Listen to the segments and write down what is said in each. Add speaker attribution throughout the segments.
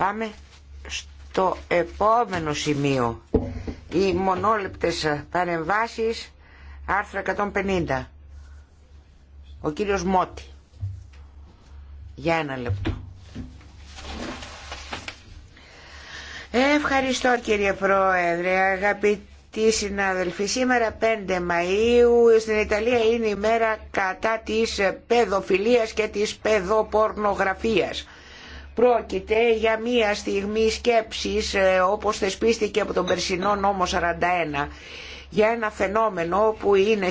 Speaker 1: Πάμε στο επόμενο σημείο. Οι μονόλεπτες παρεμβάσεις, άρθρο 150. Ο κύριος Μότι. Για ένα λεπτό. Ευχαριστώ κύριε Πρόεδρε, αγαπητοί συναδελφοί. Σήμερα 5 Μαΐου στην Ιταλία είναι η μέρα κατά της παιδοφιλίας και της παιδοπορνογραφίας. Πρόκειται για μία στιγμή σκέψης ε, όπως θεσπίστηκε από τον περσινό νόμο 41 για ένα φαινόμενο που είναι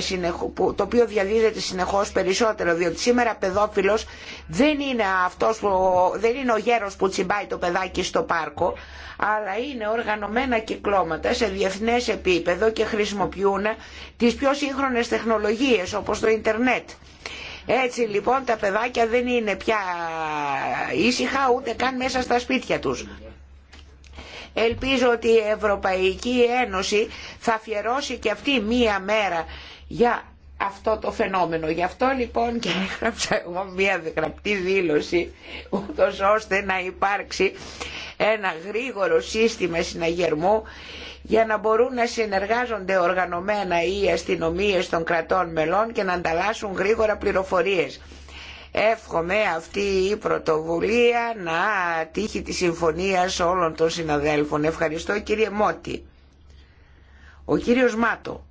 Speaker 1: το οποίο διαδίδεται συνεχώς περισσότερο διότι σήμερα παιδόφιλος δεν είναι, αυτός που... δεν είναι ο γέρος που τσιμπάει το παιδάκι στο πάρκο αλλά είναι οργανωμένα κυκλώματα σε διεθνές επίπεδο και χρησιμοποιούν τις πιο σύγχρονες τεχνολογίες όπως το ίντερνετ. Έτσι λοιπόν τα παιδάκια δεν είναι πια ήσυχα ούτε καν μέσα στα σπίτια τους. Ελπίζω ότι η Ευρωπαϊκή Ένωση θα αφιερώσει και αυτή μία μέρα για αυτό το φαινόμενο. Γι' αυτό λοιπόν και έγραψα εγώ μία γραπτή δήλωση, ούτως ώστε να υπάρξει ένα γρήγορο σύστημα συναγερμού για να μπορούν να συνεργάζονται οργανωμένα οι αστυνομίες των κρατών μελών και να ανταλλάσσουν γρήγορα πληροφορίες. Εύχομαι αυτή η πρωτοβουλία να τύχει τη συμφωνία όλων των συναδέλφων. Ευχαριστώ κύριε Μότι. Ο κύριος Μάτο.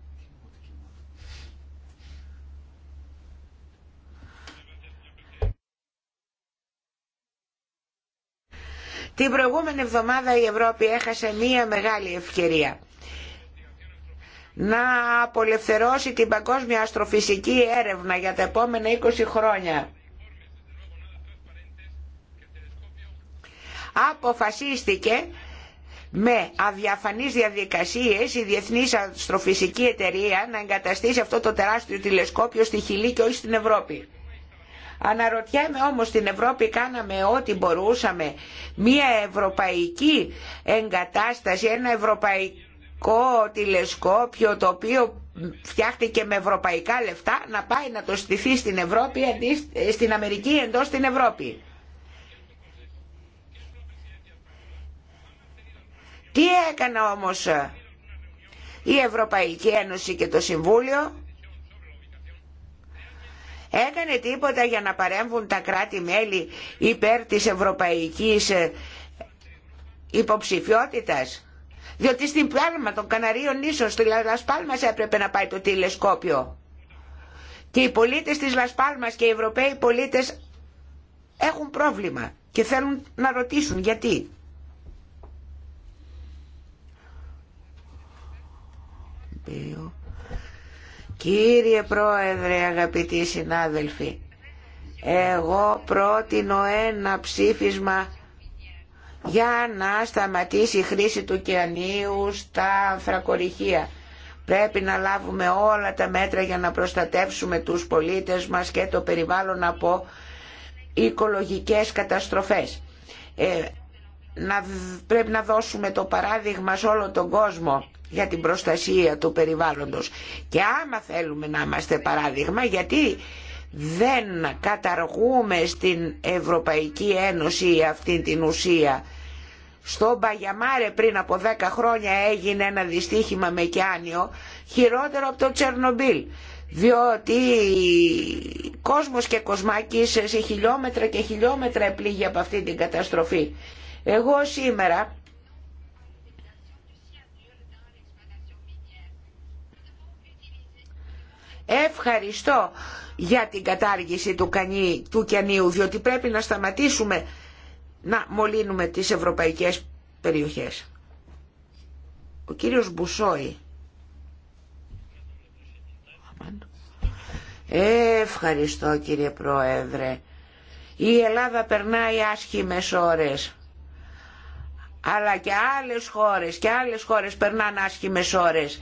Speaker 1: Την προηγούμενη εβδομάδα η Ευρώπη έχασε μία μεγάλη ευκαιρία να απολευθερώσει την παγκόσμια αστροφυσική έρευνα για τα επόμενα 20 χρόνια. Αποφασίστηκε με αδιαφανείς διαδικασίες η Διεθνής Αστροφυσική Εταιρεία να εγκαταστήσει αυτό το τεράστιο τηλεσκόπιο στη Χιλή και όχι στην Ευρώπη. Αναρωτιέμαι όμως στην Ευρώπη κάναμε ό,τι μπορούσαμε. Μία ευρωπαϊκή εγκατάσταση, ένα ευρωπαϊκό τηλεσκόπιο το οποίο φτιάχτηκε με ευρωπαϊκά λεφτά να πάει να το στηθεί στην Ευρώπη, στην Αμερική εντός στην Ευρώπη. Τι έκανα όμως η Ευρωπαϊκή Ένωση και το Συμβούλιο έκανε τίποτα για να παρέμβουν τα κράτη-μέλη υπέρ της ευρωπαϊκής ε, υποψηφιότητας. Διότι στην Πάλμα των Καναρίων ίσως στη Λασπάλμας έπρεπε να πάει το τηλεσκόπιο. Και οι πολίτες της Λασπάλμας και οι Ευρωπαίοι πολίτες έχουν πρόβλημα και θέλουν να ρωτήσουν γιατί. Κύριε Πρόεδρε, αγαπητοί συνάδελφοι, εγώ πρότεινω ένα ψήφισμα για να σταματήσει η χρήση του κιανίου στα ανθρακοριχεία. Πρέπει να λάβουμε όλα τα μέτρα για να προστατεύσουμε τους πολίτες μας και το περιβάλλον από οικολογικές καταστροφές. Ε, να, πρέπει να δώσουμε το παράδειγμα σε όλο τον κόσμο για την προστασία του περιβάλλοντος. Και άμα θέλουμε να είμαστε παράδειγμα, γιατί δεν καταργούμε στην Ευρωπαϊκή Ένωση αυτή την ουσία. Στο Μπαγιαμάρε πριν από 10 χρόνια έγινε ένα δυστύχημα με κιάνιο χειρότερο από το Τσερνομπίλ διότι κόσμος και κοσμάκι σε χιλιόμετρα και χιλιόμετρα επλήγει από αυτή την καταστροφή. Εγώ σήμερα Ευχαριστώ για την κατάργηση του, κανί, διότι πρέπει να σταματήσουμε να μολύνουμε τις ευρωπαϊκές περιοχές. Ο κύριος Μπουσόη. Ευχαριστώ κύριε Πρόεδρε. Η Ελλάδα περνάει άσχημες ώρες. Αλλά και άλλες χώρες και άλλες χώρες περνάνε άσχημες ώρες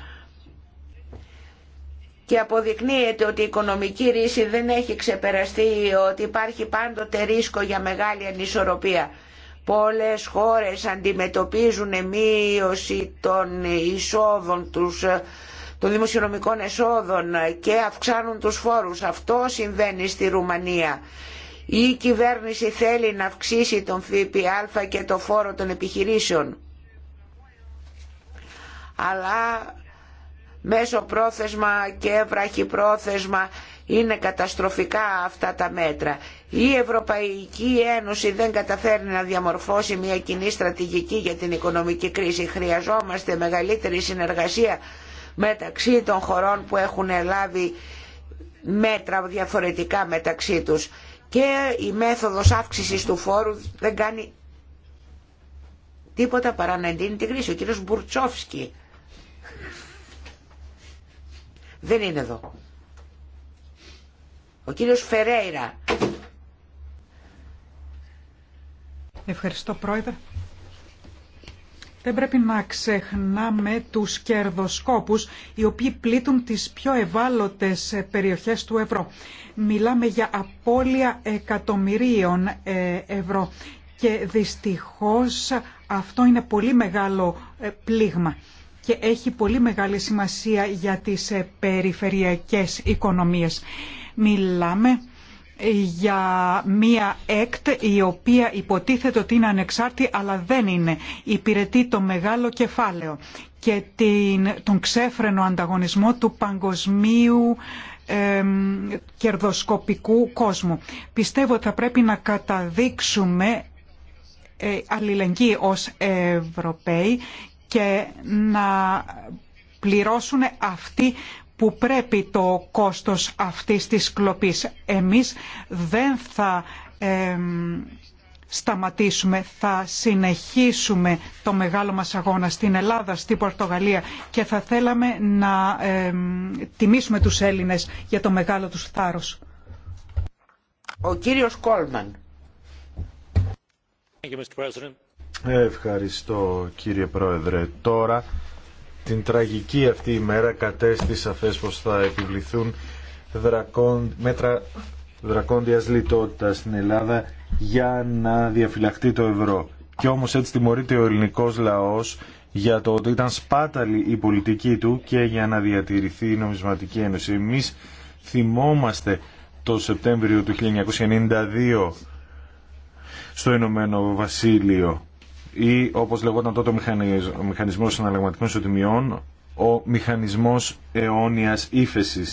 Speaker 1: και αποδεικνύεται ότι η οικονομική ρίση δεν έχει ξεπεραστεί, ότι υπάρχει πάντοτε ρίσκο για μεγάλη ανισορροπία. Πολλές χώρες αντιμετωπίζουν μείωση των εισόδων τους, των δημοσιονομικών εσόδων και αυξάνουν τους φόρους. Αυτό συμβαίνει στη Ρουμανία. Η κυβέρνηση θέλει να αυξήσει τον ΦΠΑ και το φόρο των επιχειρήσεων. Αλλά μέσο πρόθεσμα και πρόθεσμα είναι καταστροφικά αυτά τα μέτρα. Η Ευρωπαϊκή Ένωση δεν καταφέρνει να διαμορφώσει μια κοινή στρατηγική για την οικονομική κρίση. Χρειαζόμαστε μεγαλύτερη συνεργασία μεταξύ των χωρών που έχουν λάβει μέτρα διαφορετικά μεταξύ τους. Και η μέθοδος αύξησης του φόρου δεν κάνει τίποτα παρά να εντείνει την κρίση. Ο Μπουρτσόφσκι δεν είναι εδώ. Ο κύριος Φερέιρα.
Speaker 2: Ευχαριστώ πρόεδρε. Δεν πρέπει να ξεχνάμε τους κερδοσκόπους οι οποίοι πλήττουν τις πιο ευάλωτες περιοχές του ευρώ. Μιλάμε για απώλεια εκατομμυρίων ε, ευρώ και δυστυχώς αυτό είναι πολύ μεγάλο ε, πλήγμα και έχει πολύ μεγάλη σημασία για τις ε, περιφερειακές οικονομίες. Μιλάμε ε, για μία ΕΚΤ η οποία υποτίθεται ότι είναι ανεξάρτητη αλλά δεν είναι. Υπηρετεί το μεγάλο κεφάλαιο και την, τον ξέφρενο ανταγωνισμό του παγκοσμίου ε, κερδοσκοπικού κόσμου. Πιστεύω ότι θα πρέπει να καταδείξουμε ε, αλληλεγγύη ως Ευρωπαίοι και να πληρώσουν αυτοί που πρέπει το κόστος αυτής της κλοπής. Εμείς δεν θα σταματήσουμε, θα συνεχίσουμε το μεγάλο μας αγώνα στην Ελλάδα, στην Πορτογαλία και θα θέλαμε να τιμήσουμε τους Έλληνες για το μεγάλο τους θάρρος.
Speaker 1: Ο κύριος Κόλμαν. Thank
Speaker 3: Ευχαριστώ κύριε Πρόεδρε. Τώρα την τραγική αυτή ημέρα κατέστη σαφές πως θα επιβληθούν δρακόν, μέτρα δρακόντιας λιτότητας στην Ελλάδα για να διαφυλαχτεί το ευρώ. Και όμως έτσι τιμωρείται ο ελληνικός λαός για το ότι ήταν σπάταλη η πολιτική του και για να διατηρηθεί η νομισματική ένωση. Εμείς θυμόμαστε το Σεπτέμβριο του 1992 στο Ηνωμένο Βασίλειο ή όπως λεγόταν τότε ο μηχανισμός συναλλαγματικών ισοτιμιών, ο μηχανισμός αιώνια ύφεση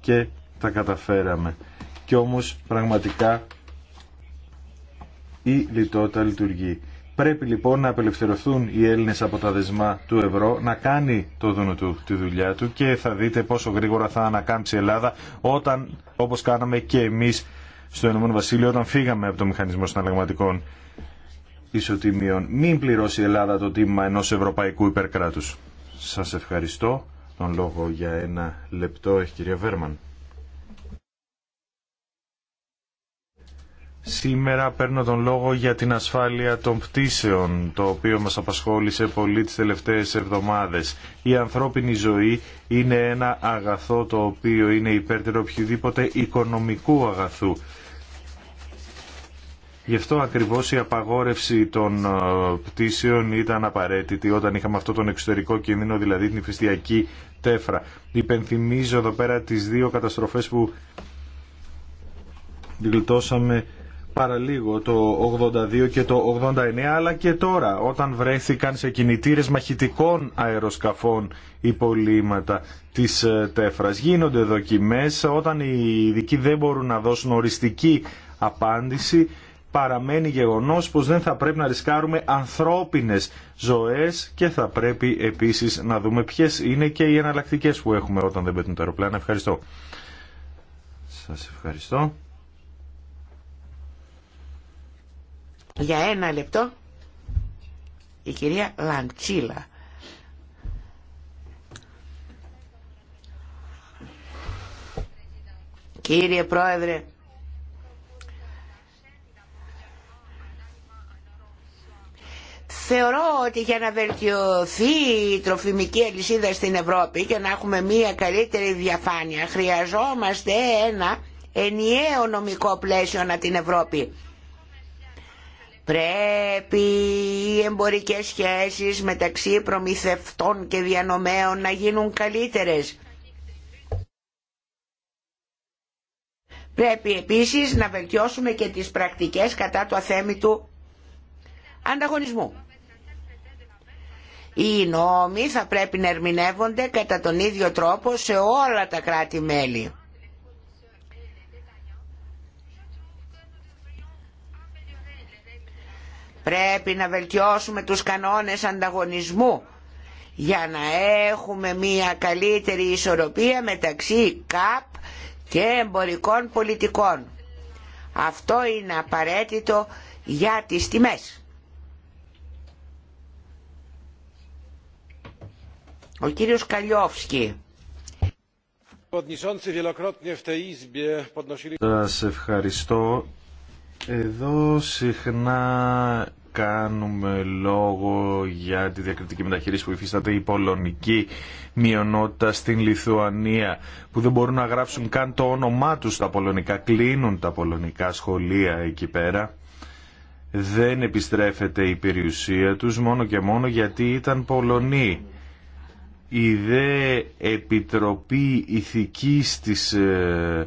Speaker 3: και τα καταφέραμε. Και όμως πραγματικά η λιτότητα λειτουργεί. Πρέπει λοιπόν να απελευθερωθούν οι Έλληνες από τα δεσμά του ευρώ, να κάνει το δούνο του τη δουλειά του και θα δείτε πόσο γρήγορα θα ανακάμψει η Ελλάδα όταν, όπως κάναμε και εμεί στο Ηνωμένο όταν φύγαμε από το μηχανισμό συναλλαγματικών ισοτιμίων. Μην πληρώσει η Ελλάδα το τίμημα ενός ευρωπαϊκού υπερκράτους. Σας ευχαριστώ. Τον λόγο για ένα λεπτό έχει κυρία Σήμερα παίρνω τον λόγο για την ασφάλεια των πτήσεων, το οποίο μας απασχόλησε πολύ τις τελευταίες εβδομάδες. Η ανθρώπινη ζωή είναι ένα αγαθό το οποίο είναι υπέρτερο οποιοδήποτε οικονομικού αγαθού Γι' αυτό ακριβώς η απαγόρευση των ε, πτήσεων ήταν απαραίτητη όταν είχαμε αυτό τον εξωτερικό κίνδυνο, δηλαδή την φυστιακή τέφρα. Υπενθυμίζω εδώ πέρα τις δύο καταστροφές που γλιτώσαμε παραλίγο το 82 και το 89 αλλά και τώρα όταν βρέθηκαν σε κινητήρες μαχητικών αεροσκαφών υπολείμματα της ε, τέφρας. Γίνονται δοκιμές όταν οι ειδικοί δεν μπορούν να δώσουν οριστική απάντηση παραμένει γεγονός πως δεν θα πρέπει να ρισκάρουμε ανθρώπινες ζωές και θα πρέπει επίσης να δούμε ποιες είναι και οι εναλλακτικέ που έχουμε όταν δεν πετούν το αεροπλάνο. Ευχαριστώ. Σας ευχαριστώ.
Speaker 1: Για ένα λεπτό η κυρία Λαντσίλα. Κύριε Πρόεδρε, Θεωρώ ότι για να βελτιωθεί η τροφιμική αλυσίδα στην Ευρώπη και να έχουμε μία καλύτερη διαφάνεια χρειαζόμαστε ένα ενιαίο νομικό πλαίσιο να την Ευρώπη. Πρέπει οι εμπορικές σχέσεις μεταξύ προμηθευτών και διανομέων να γίνουν καλύτερες. Πρέπει επίσης να βελτιώσουμε και τις πρακτικές κατά το του ανταγωνισμού. Οι νόμοι θα πρέπει να ερμηνεύονται κατά τον ίδιο τρόπο σε όλα τα κράτη-μέλη. Πρέπει να βελτιώσουμε τους κανόνες ανταγωνισμού για να έχουμε μια καλύτερη ισορροπία μεταξύ ΚΑΠ και εμπορικών πολιτικών. Αυτό είναι απαραίτητο για τις τιμές. Ο κύριος
Speaker 4: Σας
Speaker 3: ευχαριστώ. Εδώ συχνά κάνουμε λόγο για τη διακριτική μεταχείριση που υφίσταται η πολωνική μειονότητα στην Λιθουανία που δεν μπορούν να γράψουν καν το όνομά τους τα πολωνικά, κλείνουν τα πολωνικά σχολεία εκεί πέρα. Δεν επιστρέφεται η περιουσία τους μόνο και μόνο γιατί ήταν Πολωνοί η δε Επιτροπή Ηθικής της ε,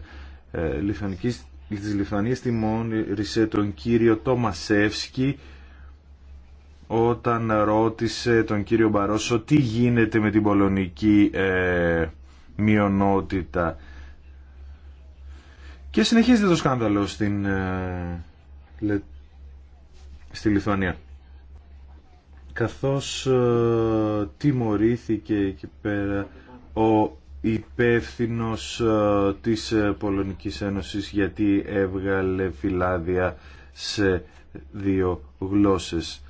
Speaker 3: ε, τιμώνησε τον κύριο Τόμασεύσκι όταν ρώτησε τον κύριο Μπαρόσο τι γίνεται με την πολωνική ε, μειονότητα. Και συνεχίζεται το σκάνδαλο στην, ε, στη Λιθουανία καθώς ε, τιμωρήθηκε εκεί πέρα ο υπεύθυνο ε, της ε, Πολωνικής Ένωσης γιατί έβγαλε φυλάδια σε δύο γλώσσες.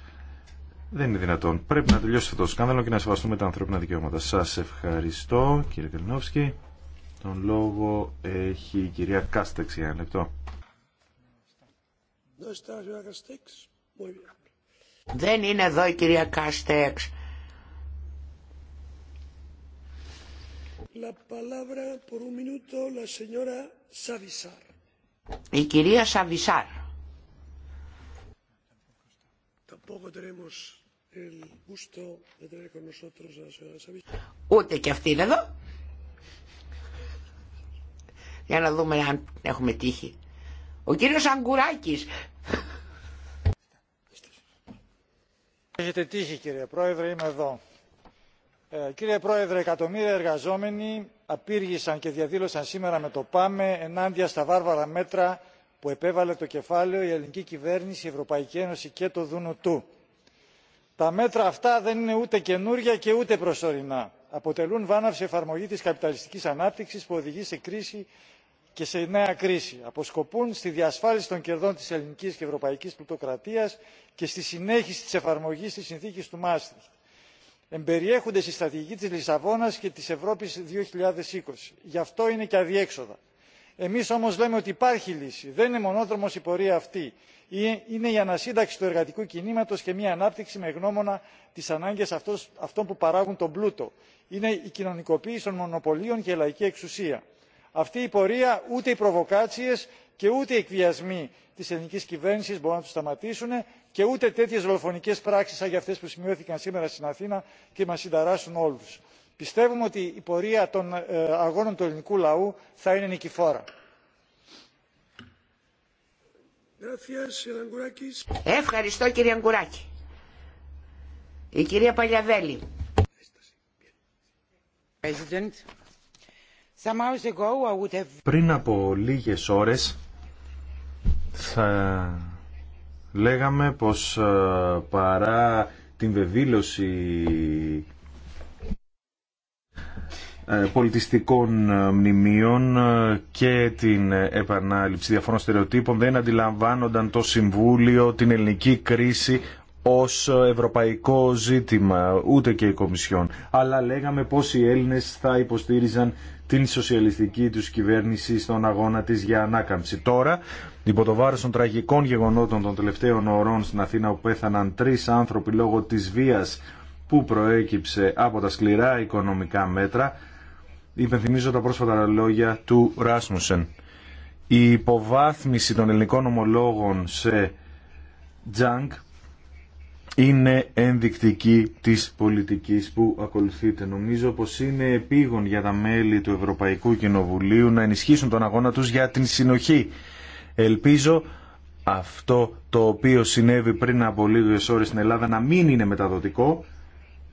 Speaker 3: Δεν είναι δυνατόν. Πρέπει να τελειώσει αυτό το σκάνδαλο και να σεβαστούμε τα ανθρώπινα δικαιώματα. Σας ευχαριστώ κύριε Καλινόφσκι. Τον λόγο έχει η κυρία Κάστεξ για ένα λεπτό.
Speaker 1: Δεν είναι εδώ η κυρία Κάστεξ. Η κυρία Σαβισάρ. Ούτε και αυτή είναι εδώ. Για να δούμε αν έχουμε τύχη. Ο κύριος Αγκουράκης
Speaker 4: Έχετε τύχει κύριε Πρόεδρε, είμαι εδώ. Ε, κύριε Πρόεδρε, εκατομμύρια εργαζόμενοι απήργησαν και διαδήλωσαν σήμερα με το ΠΑΜΕ ενάντια στα βάρβαρα μέτρα που επέβαλε το κεφάλαιο η ελληνική κυβέρνηση, η Ευρωπαϊκή Ένωση και το Δούνο του. Τα μέτρα αυτά δεν είναι ούτε καινούρια και ούτε προσωρινά. Αποτελούν βάναυση εφαρμογή της καπιταλιστικής ανάπτυξης που οδηγεί σε κρίση και σε νέα κρίση αποσκοπούν στη διασφάλιση των κερδών της ελληνικής και ευρωπαϊκής πλουτοκρατίας και στη συνέχιση της εφαρμογής της συνθήκης του μάστριχτ. εμπεριέχονται στη στρατηγική της λισαβόνας και της ευρώπης 2020. γι' αυτό είναι και αδιέξοδα. εμείς όμως λέμε ότι υπάρχει λύση. δεν είναι μονόδρομος η πορεία αυτή. είναι η ανασύνταξη του εργατικού κινήματος και μια ανάπτυξη με γνώμονα τις ανάγκες αυτών που παράγουν τον πλούτο. είναι η κοινωνικοποίηση των μονοπωλίων και η λαϊκή εξουσία αυτή η πορεία ούτε οι προβοκάτσιες και ούτε οι εκβιασμοί της ελληνικής κυβέρνησης μπορούν να του σταματήσουν και ούτε τέτοιες δολοφονικές πράξεις σαν για αυτές που σημειώθηκαν σήμερα στην Αθήνα και μας συνταράσσουν όλους. Πιστεύουμε ότι η πορεία των ε, αγώνων του ελληνικού λαού θα είναι νικηφόρα.
Speaker 1: Ευχαριστώ κύριε Η
Speaker 3: πριν από λίγες ώρες θα λέγαμε πως ε, παρά την βεβήλωση ε, πολιτιστικών ε, μνημείων και την επανάληψη διαφόρων στερεοτύπων δεν αντιλαμβάνονταν το Συμβούλιο, την ελληνική κρίση ως ευρωπαϊκό ζήτημα, ούτε και η Κομισιόν. Αλλά λέγαμε πως οι Έλληνες θα υποστήριζαν την σοσιαλιστική τους κυβέρνηση στον αγώνα της για ανάκαμψη. Τώρα, υπό το βάρος των τραγικών γεγονότων των τελευταίων ωρών στην Αθήνα που πέθαναν τρεις άνθρωποι λόγω της βίας που προέκυψε από τα σκληρά οικονομικά μέτρα, υπενθυμίζω τα πρόσφατα λόγια του Ράσμουσεν. Η υποβάθμιση των ελληνικών ομολόγων σε τζάνκ είναι ενδεικτική της πολιτικής που ακολουθείτε. Νομίζω πως είναι επίγον για τα μέλη του Ευρωπαϊκού Κοινοβουλίου να ενισχύσουν τον αγώνα τους για την συνοχή. Ελπίζω αυτό το οποίο συνέβη πριν από λίγες ώρες στην Ελλάδα να μην είναι μεταδοτικό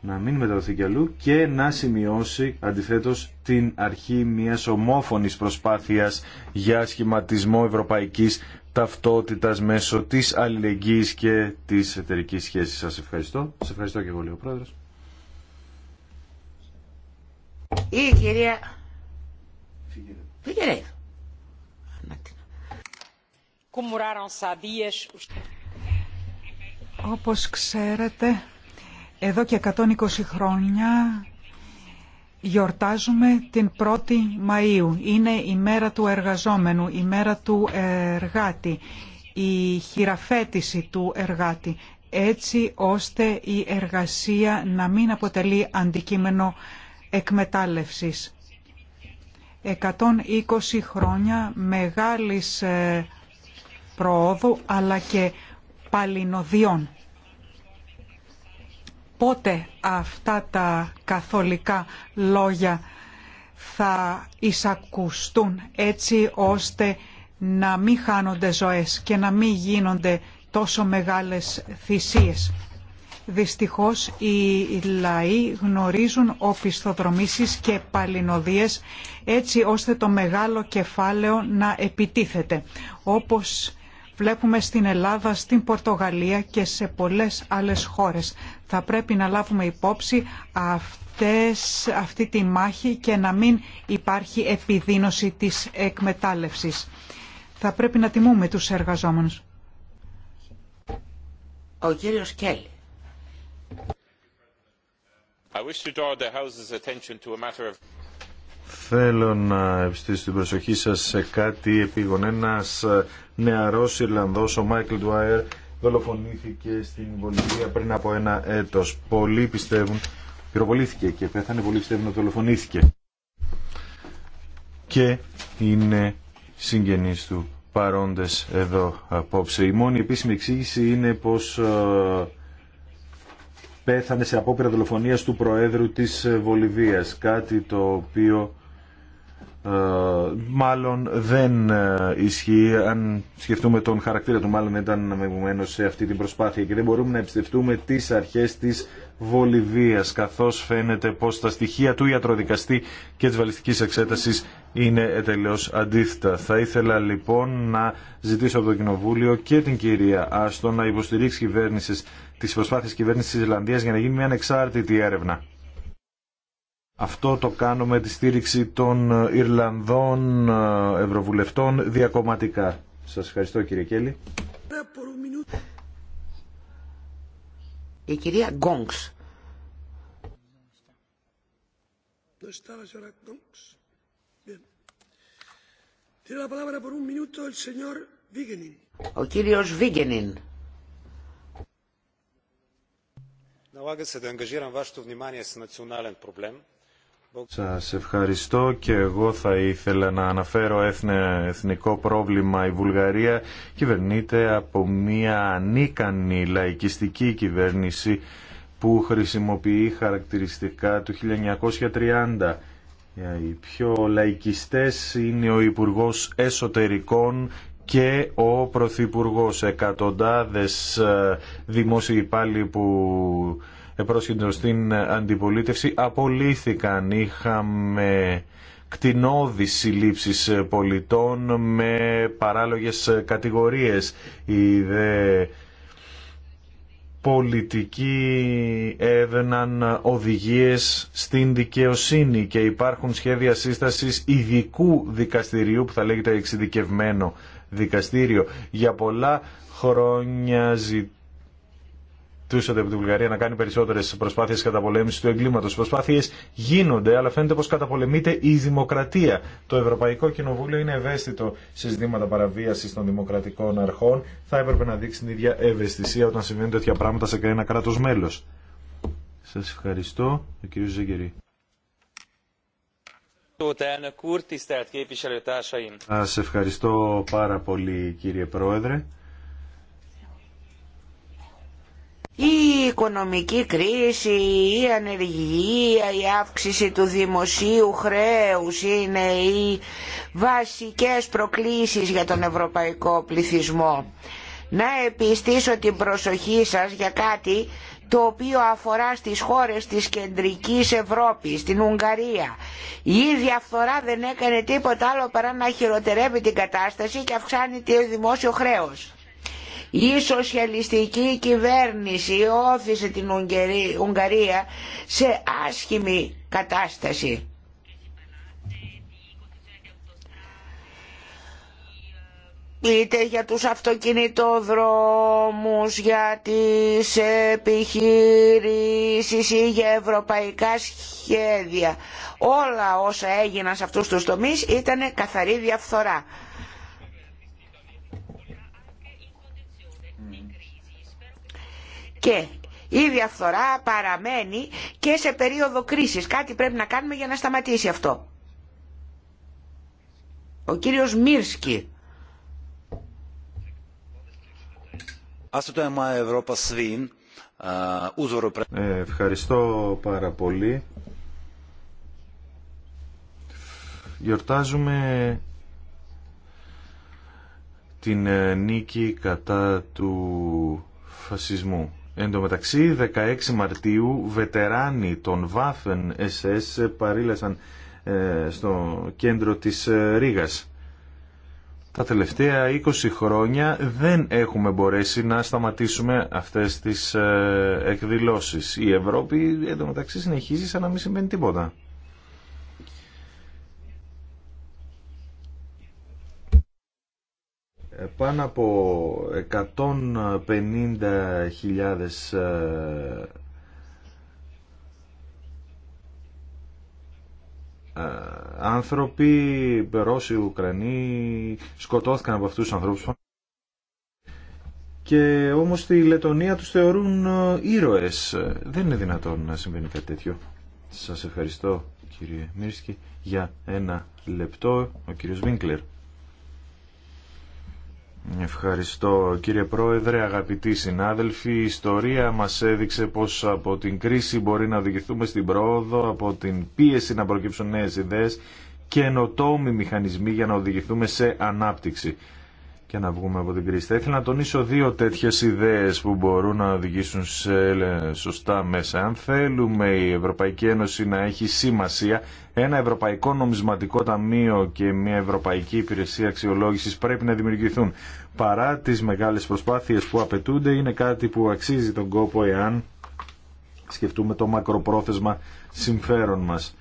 Speaker 3: να μην μεταδοθεί κι αλλού και να σημειώσει αντιθέτως την αρχή μιας ομόφωνης προσπάθειας για σχηματισμό ευρωπαϊκής ταυτότητας μέσω της αλληλεγγύης και της εταιρικής σχέσης. Σας ευχαριστώ. Σας ευχαριστώ και πολύ ο Πρόεδρος.
Speaker 2: Η κυρία Όπως ξέρετε, εδώ και 120 χρόνια γιορτάζουμε την 1η Μαΐου. Είναι η μέρα του εργαζόμενου, η μέρα του εργάτη, η χειραφέτηση του εργάτη, έτσι ώστε η εργασία να μην αποτελεί αντικείμενο εκμετάλλευσης. 120 χρόνια μεγάλης ε, προόδου αλλά και παλινοδιών πότε αυτά τα καθολικά λόγια θα εισακουστούν έτσι ώστε να μην χάνονται ζωές και να μην γίνονται τόσο μεγάλες θυσίες. Δυστυχώς οι λαοί γνωρίζουν οπισθοδρομήσεις και παλινοδίες έτσι ώστε το μεγάλο κεφάλαιο να επιτίθεται. Όπως βλέπουμε στην Ελλάδα, στην Πορτογαλία και σε πολλές άλλες χώρες. Θα πρέπει να λάβουμε υπόψη αυτές, αυτή τη μάχη και να μην υπάρχει επιδείνωση της εκμετάλλευσης. Θα πρέπει να τιμούμε τους εργαζόμενους. Ο
Speaker 1: κύριος
Speaker 3: Θέλω να ευστήσω την προσοχή σας σε κάτι επίγον. Ένας ε, νεαρός Ιρλανδός, ο Μάικλ Ντουάερ, δολοφονήθηκε στην Βολιβία πριν από ένα έτος. Πολλοί πιστεύουν, πυροβολήθηκε και πέθανε, πολλοί πιστεύουν ότι δολοφονήθηκε. Και είναι συγγενείς του παρόντες εδώ απόψε. Η μόνη επίσημη εξήγηση είναι πως ε, πέθανε σε απόπειρα δολοφονίας του Προέδρου της Βολιβίας, κάτι το οποίο ε, μάλλον δεν ε, ισχύει αν σκεφτούμε τον χαρακτήρα του μάλλον ήταν μεμουμένος σε αυτή την προσπάθεια και δεν μπορούμε να εμπιστευτούμε τις αρχές της Βολιβίας καθώς φαίνεται πως τα στοιχεία του ιατροδικαστή και της βαλιστικής εξέτασης είναι τελείως αντίθετα. Θα ήθελα λοιπόν να ζητήσω από το Κοινοβούλιο και την κυρία Άστο να υποστηρίξει κυβέρνησης, τις προσπάθειες κυβέρνησης της Ισλανδίας για να γίνει μια ανεξάρτητη έρευνα αυτό το κάνουμε τη στήριξη των Ιρλανδών ε, Ευρωβουλευτών διακομματικά. Σας ευχαριστώ κύριε Κέλλη.
Speaker 1: Η κυρία Γκόγκς. Ο κύριος Βίγενιν.
Speaker 4: Налага се да ангажирам вашето внимание с национален проблем –
Speaker 1: σας
Speaker 3: ευχαριστώ και εγώ θα ήθελα να αναφέρω έθνε, εθνικό πρόβλημα. Η Βουλγαρία κυβερνείται από μια ανίκανη λαϊκιστική κυβέρνηση που χρησιμοποιεί χαρακτηριστικά του 1930. Ε, οι πιο λαϊκιστές είναι ο Υπουργός Εσωτερικών και ο Πρωθυπουργό. Εκατοντάδες ε, δημόσιοι υπάλληλοι που πρόσκειτο στην αντιπολίτευση απολύθηκαν. Είχαμε κτηνώδεις συλλήψεις πολιτών με παράλογες κατηγορίες. Οι δε πολιτικοί έδαιναν οδηγίες στην δικαιοσύνη και υπάρχουν σχέδια σύστασης ειδικού δικαστηρίου που θα λέγεται εξειδικευμένο δικαστήριο. Για πολλά χρόνια ζητούσατε από τη Βουλγαρία να κάνει περισσότερε προσπάθειε καταπολέμηση του εγκλήματο. Προσπάθειε γίνονται, αλλά φαίνεται πω καταπολεμείται η δημοκρατία. Το Ευρωπαϊκό Κοινοβούλιο είναι ευαίσθητο σε ζητήματα παραβίαση των δημοκρατικών αρχών. Θα έπρεπε να δείξει την ίδια ευαισθησία όταν συμβαίνουν τέτοια πράγματα σε κανένα κράτο μέλο. Σα ευχαριστώ, ο κ. Ζέγκερη. Σας ευχαριστώ πάρα πολύ κύριε Πρόεδρε.
Speaker 1: οικονομική κρίση, η ανεργία, η αύξηση του δημοσίου χρέους είναι οι βασικές προκλήσεις για τον ευρωπαϊκό πληθυσμό. Να επιστήσω την προσοχή σας για κάτι το οποίο αφορά στις χώρες της κεντρικής Ευρώπης, την Ουγγαρία. Η ίδια φθορά δεν έκανε τίποτα άλλο παρά να χειροτερεύει την κατάσταση και αυξάνει το δημόσιο χρέος. Η σοσιαλιστική κυβέρνηση όθησε την Ουγγαρία σε άσχημη κατάσταση. Είτε για τους αυτοκινητοδρόμους, για τις επιχειρήσεις ή για ευρωπαϊκά σχέδια. Όλα όσα έγιναν σε αυτούς τους τομείς ήταν καθαρή διαφθορά. Και η διαφθορά παραμένει και σε περίοδο κρίσης. Κάτι πρέπει να κάνουμε για να σταματήσει αυτό. Ο κύριος Μύρσκι.
Speaker 3: Ε, ευχαριστώ πάρα πολύ. Γιορτάζουμε την ε, νίκη κατά του φασισμού. Εν τω μεταξύ, 16 Μαρτίου, βετεράνοι των Waffen SS παρήλασαν ε, στο κέντρο της ε, Ρήγας. Τα τελευταία 20 χρόνια δεν έχουμε μπορέσει να σταματήσουμε αυτές τις ε, εκδηλώσεις. Η Ευρώπη, εν τω μεταξύ, συνεχίζει σαν να μην συμβαίνει τίποτα. πάνω από 150.000 ε, ε, άνθρωποι, Ρώσοι, Ουκρανοί, σκοτώθηκαν από αυτούς τους ανθρώπους. Και όμως στη Λετωνία τους θεωρούν ε, ήρωες. Δεν είναι δυνατόν να συμβαίνει κάτι τέτοιο. Σας ευχαριστώ κύριε Μίρσκι για ένα λεπτό ο κύριος Βίνκλερ. Ευχαριστώ κύριε Πρόεδρε, αγαπητοί συνάδελφοι. Η ιστορία μας έδειξε πως από την κρίση μπορεί να οδηγηθούμε στην πρόοδο, από την πίεση να προκύψουν νέες ιδέες και ενωτόμοι μηχανισμοί για να οδηγηθούμε σε ανάπτυξη και να βγούμε από την κρίση. Θα ήθελα να τονίσω δύο τέτοιες ιδέες που μπορούν να οδηγήσουν σε σωστά μέσα. Αν θέλουμε η Ευρωπαϊκή Ένωση να έχει σημασία, ένα Ευρωπαϊκό Νομισματικό Ταμείο και μια Ευρωπαϊκή Υπηρεσία Αξιολόγησης πρέπει να δημιουργηθούν. Παρά τις μεγάλες προσπάθειες που απαιτούνται, είναι κάτι που αξίζει τον κόπο εάν σκεφτούμε το μακροπρόθεσμα συμφέρον μας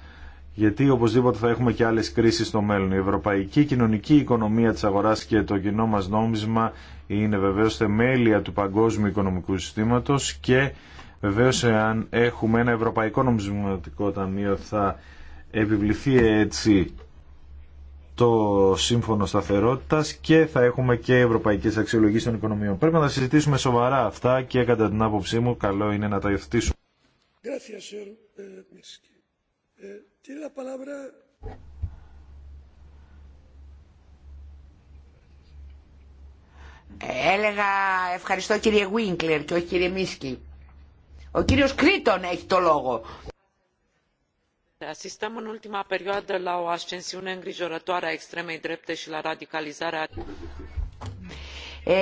Speaker 3: γιατί οπωσδήποτε θα έχουμε και άλλες κρίσεις στο μέλλον. Η ευρωπαϊκή κοινωνική οικονομία της αγοράς και το κοινό μας νόμισμα είναι βεβαίως θεμέλια του παγκόσμιου οικονομικού συστήματος και βεβαίως εάν έχουμε ένα ευρωπαϊκό νομισματικό ταμείο θα επιβληθεί έτσι το σύμφωνο σταθερότητα και θα έχουμε και ευρωπαϊκέ αξιολογήσει των οικονομιών. Πρέπει να τα συζητήσουμε σοβαρά αυτά και κατά την άποψή μου, καλό είναι να τα υιοθετήσουμε.
Speaker 5: Eh, Tiene la palabra.
Speaker 1: Έλεγα ευχαριστώ κύριε Γουίνκλερ και όχι κύριε Μίσκι. Ο κύριος Κρήτον έχει το λόγο.
Speaker 2: Asistăm în ultima perioadă la o ascensiune îngrijorătoare a extremei drepte și la radicalizarea.
Speaker 1: Ε,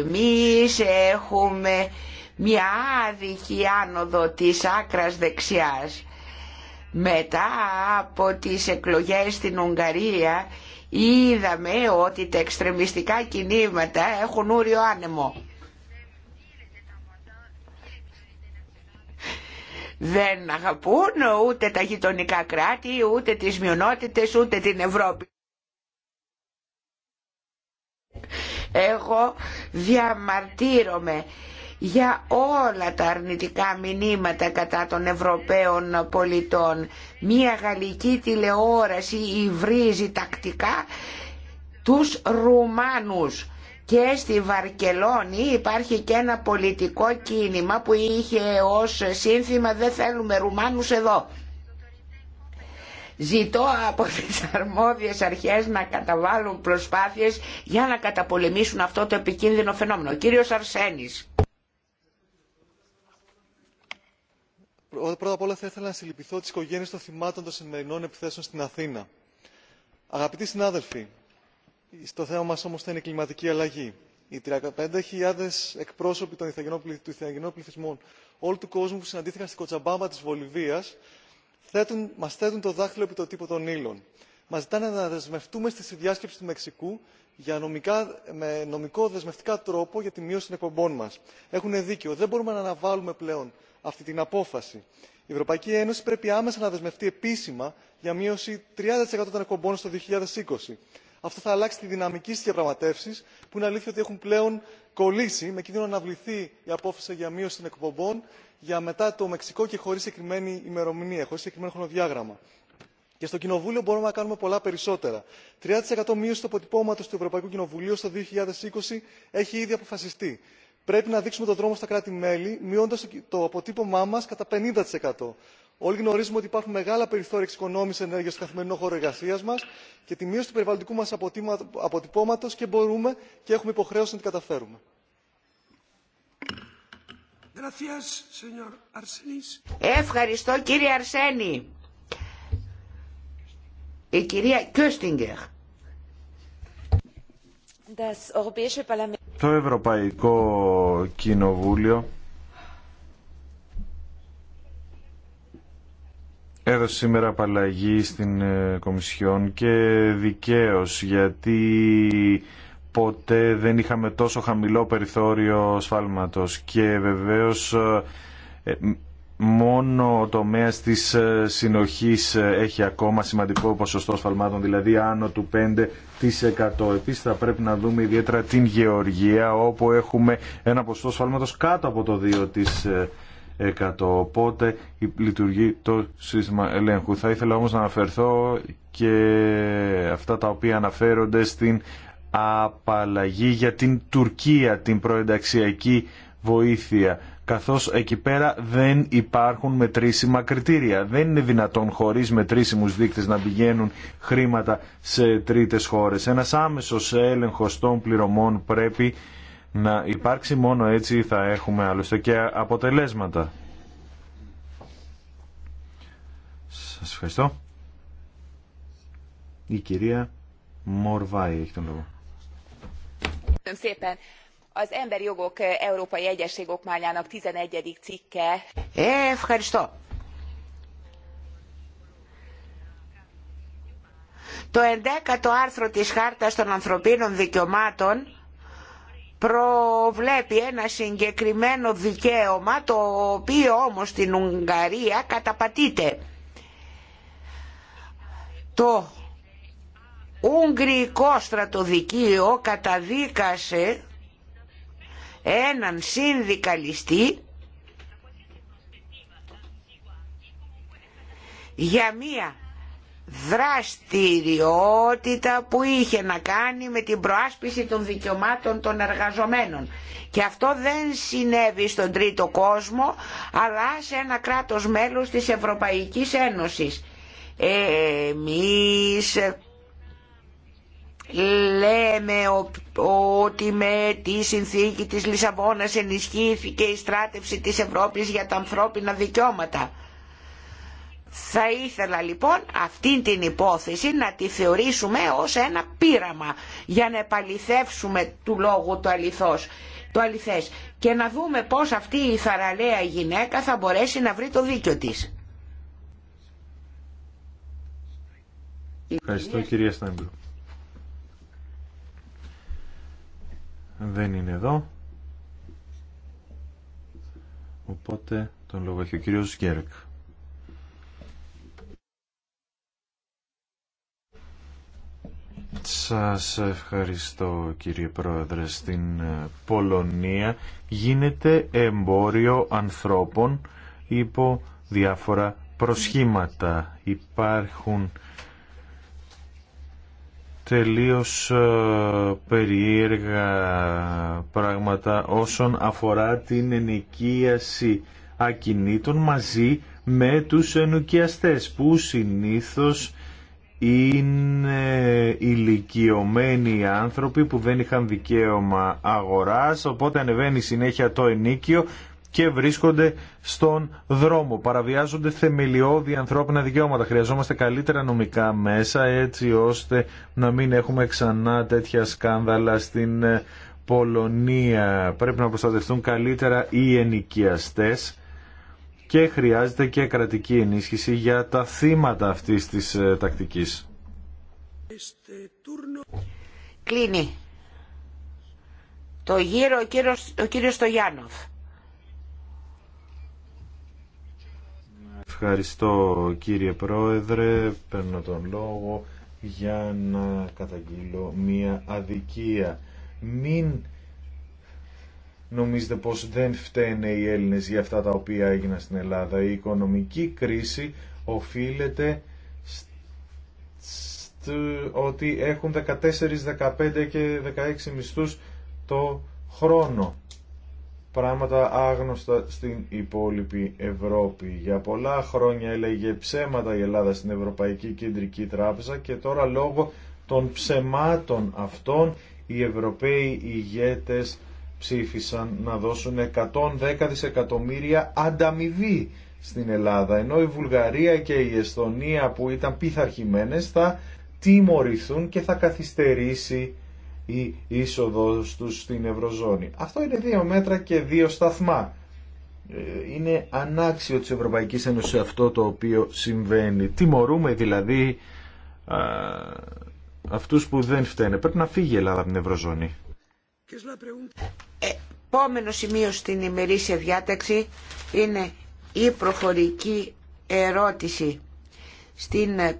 Speaker 1: εμείς έχουμε μια άδικη άνοδο της άκρας δεξιάς μετά από τις εκλογές στην Ουγγαρία είδαμε ότι τα εξτρεμιστικά κινήματα έχουν ούριο άνεμο. Δεν αγαπούν ούτε τα γειτονικά κράτη, ούτε τις μειονότητες, ούτε την Ευρώπη. Εγώ διαμαρτύρομαι για όλα τα αρνητικά μηνύματα κατά των Ευρωπαίων πολιτών. Μία γαλλική τηλεόραση υβρίζει τακτικά τους Ρουμάνους. Και στη Βαρκελόνη υπάρχει και ένα πολιτικό κίνημα που είχε ως σύνθημα «Δεν θέλουμε Ρουμάνους εδώ». Ζητώ από τις αρμόδιες αρχές να καταβάλουν προσπάθειες για να καταπολεμήσουν αυτό το επικίνδυνο φαινόμενο. Ο κύριος Αρσένης.
Speaker 5: πρώτα απ' όλα θα ήθελα να συλληπιθώ τι οικογένειε των θυμάτων των σημερινών επιθέσεων στην αθήνα. αγαπητοί συνάδελφοι στο θέμα μα όμω θα είναι η κλιματική αλλαγή. οι 35.000 εκπρόσωποι των ηθαγενών πληθυσμών όλου του κόσμου που συναντήθηκαν στην κοτσαμπάμπα τη βολιβία μα θέτουν το δάχτυλο επί το τύπο των ήλων. μα ζητάνε να δεσμευτούμε στη συνδιάσκεψη του μεξικού για νομικά, με νομικό δεσμευτικά τρόπο για τη μείωση των εκπομπών μα. έχουν δίκιο δεν μπορούμε να αναβάλουμε πλέον αυτή την απόφαση. η ευρωπαϊκή ένωση πρέπει άμεσα να δεσμευτεί επίσημα για μείωση 30% των εκπομπών στο 2020. αυτό θα αλλάξει τη δυναμική στι διαπραγματεύσει που είναι αλήθεια ότι έχουν πλέον κολλήσει με κίνδυνο να βληθεί η απόφαση για μείωση των εκπομπών για μετά το μεξικό και χωρί συγκεκριμένη ημερομηνία χωρί συγκεκριμένο χρονοδιάγραμμα. Και στο Κοινοβούλιο μπορούμε να κάνουμε πολλά περισσότερα. 30% μείωση του αποτυπώματο του Ευρωπαϊκού Κοινοβουλίου στο 2020 έχει ήδη αποφασιστεί πρέπει να δείξουμε τον δρόμο στα κράτη μέλη μειώνοντας το αποτύπωμά μας κατά. 50%. όλοι γνωρίζουμε ότι υπάρχουν μεγάλα περιθώρια εξοικονόμησης ενέργειας στον καθημερινό χώρο εργασία μα και τη μείωση του περιβαλλοντικού μας αποτυπώματος και μπορούμε και έχουμε υποχρέωση να την καταφέρουμε.
Speaker 1: Ευχαριστώ κύριε Αρσένη. Η κυρία Parlament
Speaker 3: το Ευρωπαϊκό Κοινοβούλιο έδωσε σήμερα απαλλαγή στην ε, Κομισιόν και δικαίως γιατί ποτέ δεν είχαμε τόσο χαμηλό περιθώριο σφάλματος και βεβαίως ε, μόνο ο τομέας της ε, συνοχής ε, έχει ακόμα σημαντικό ποσοστό ασφαλμάτων, δηλαδή άνω του 5%. Επίσης θα πρέπει να δούμε ιδιαίτερα την γεωργία όπου έχουμε ένα ποσοστό ασφαλμάτων κάτω από το 2%. Οπότε λειτουργεί το σύστημα ελέγχου. Θα ήθελα όμως να αναφερθώ και αυτά τα οποία αναφέρονται στην απαλλαγή για την Τουρκία, την προενταξιακή βοήθεια καθώς εκεί πέρα δεν υπάρχουν μετρήσιμα κριτήρια. Δεν είναι δυνατόν χωρίς μετρήσιμους δείκτες να πηγαίνουν χρήματα σε τρίτες χώρες. Ένας άμεσος έλεγχος των πληρωμών πρέπει να υπάρξει μόνο έτσι θα έχουμε άλλωστε και αποτελέσματα. Σας ευχαριστώ. Η κυρία Μορβάη έχει τον λόγο.
Speaker 1: Eh, ευχαριστώ. Το 11ο άρθρο της Χάρτας των Ανθρωπίνων Δικαιωμάτων προβλέπει ένα συγκεκριμένο δικαίωμα το οποίο όμως στην Ουγγαρία καταπατείται. Το Ουγγρικό στρατοδικείο καταδίκασε έναν συνδικαλιστή για μία δραστηριότητα που είχε να κάνει με την προάσπιση των δικαιωμάτων των εργαζομένων. Και αυτό δεν συνέβη στον τρίτο κόσμο, αλλά σε ένα κράτος μέλος της Ευρωπαϊκής Ένωσης. Εμείς λέμε ότι με τη συνθήκη της Λισαβόνας ενισχύθηκε η στράτευση της Ευρώπης για τα ανθρώπινα δικαιώματα. Θα ήθελα λοιπόν αυτή την υπόθεση να τη θεωρήσουμε ως ένα πείραμα για να επαληθεύσουμε του λόγου το αληθος, Το αληθές. Και να δούμε πώς αυτή η θαραλέα γυναίκα θα μπορέσει να βρει το δίκιο της.
Speaker 3: Ευχαριστώ κυρία Στάνγκλου. δεν είναι εδώ. Οπότε τον λόγο έχει ο κύριος Γκέρκ. Σας ευχαριστώ κύριε Πρόεδρε. Στην ε, Πολωνία γίνεται εμπόριο ανθρώπων υπό διάφορα προσχήματα. Υπάρχουν τελείως ε, περίεργα πράγματα όσον αφορά την ενοικίαση ακινήτων μαζί με τους ενοικιαστές που συνήθως είναι ηλικιωμένοι άνθρωποι που δεν είχαν δικαίωμα αγοράς οπότε ανεβαίνει συνέχεια το ενίκιο και βρίσκονται στον δρόμο. Παραβιάζονται θεμελιώδη ανθρώπινα δικαιώματα. Χρειαζόμαστε καλύτερα νομικά μέσα έτσι ώστε να μην έχουμε ξανά τέτοια σκάνδαλα στην ε, Πολωνία. Πρέπει να προστατευτούν καλύτερα οι ενοικιαστές και χρειάζεται και κρατική ενίσχυση για τα θύματα αυτής της ε, τακτικής.
Speaker 1: Κλείνει. Το γύρο ο κύριος, ο κύριος Στογιάννοφ.
Speaker 3: Ευχαριστώ κύριε Πρόεδρε, παίρνω τον λόγο για να καταγγείλω μία αδικία. Μην νομίζετε πως δεν φταίνε οι Έλληνες για αυτά τα οποία έγιναν στην Ελλάδα. Η οικονομική κρίση οφείλεται ότι έχουν 14, 15 και 16 μισθούς το χρόνο πράγματα άγνωστα στην υπόλοιπη Ευρώπη. Για πολλά χρόνια έλεγε ψέματα η Ελλάδα στην Ευρωπαϊκή Κεντρική Τράπεζα και τώρα λόγω των ψεμάτων αυτών οι Ευρωπαίοι ηγέτες ψήφισαν να δώσουν 110 δισεκατομμύρια ανταμοιβή στην Ελλάδα, ενώ η Βουλγαρία και η Εσθονία, που ήταν πειθαρχημένες θα τιμωρηθούν και θα καθυστερήσει η είσοδος του στην Ευρωζώνη. Αυτό είναι δύο μέτρα και δύο σταθμά. Ε, είναι ανάξιο της Ευρωπαϊκής Ένωσης αυτό το οποίο συμβαίνει. Τιμωρούμε δηλαδή α, αυτούς που δεν φταίνε. Πρέπει να φύγει η Ελλάδα από την Ευρωζώνη.
Speaker 1: Ε, σημείο στην ημερήσια διάταξη είναι η προφορική ερώτηση στην ε,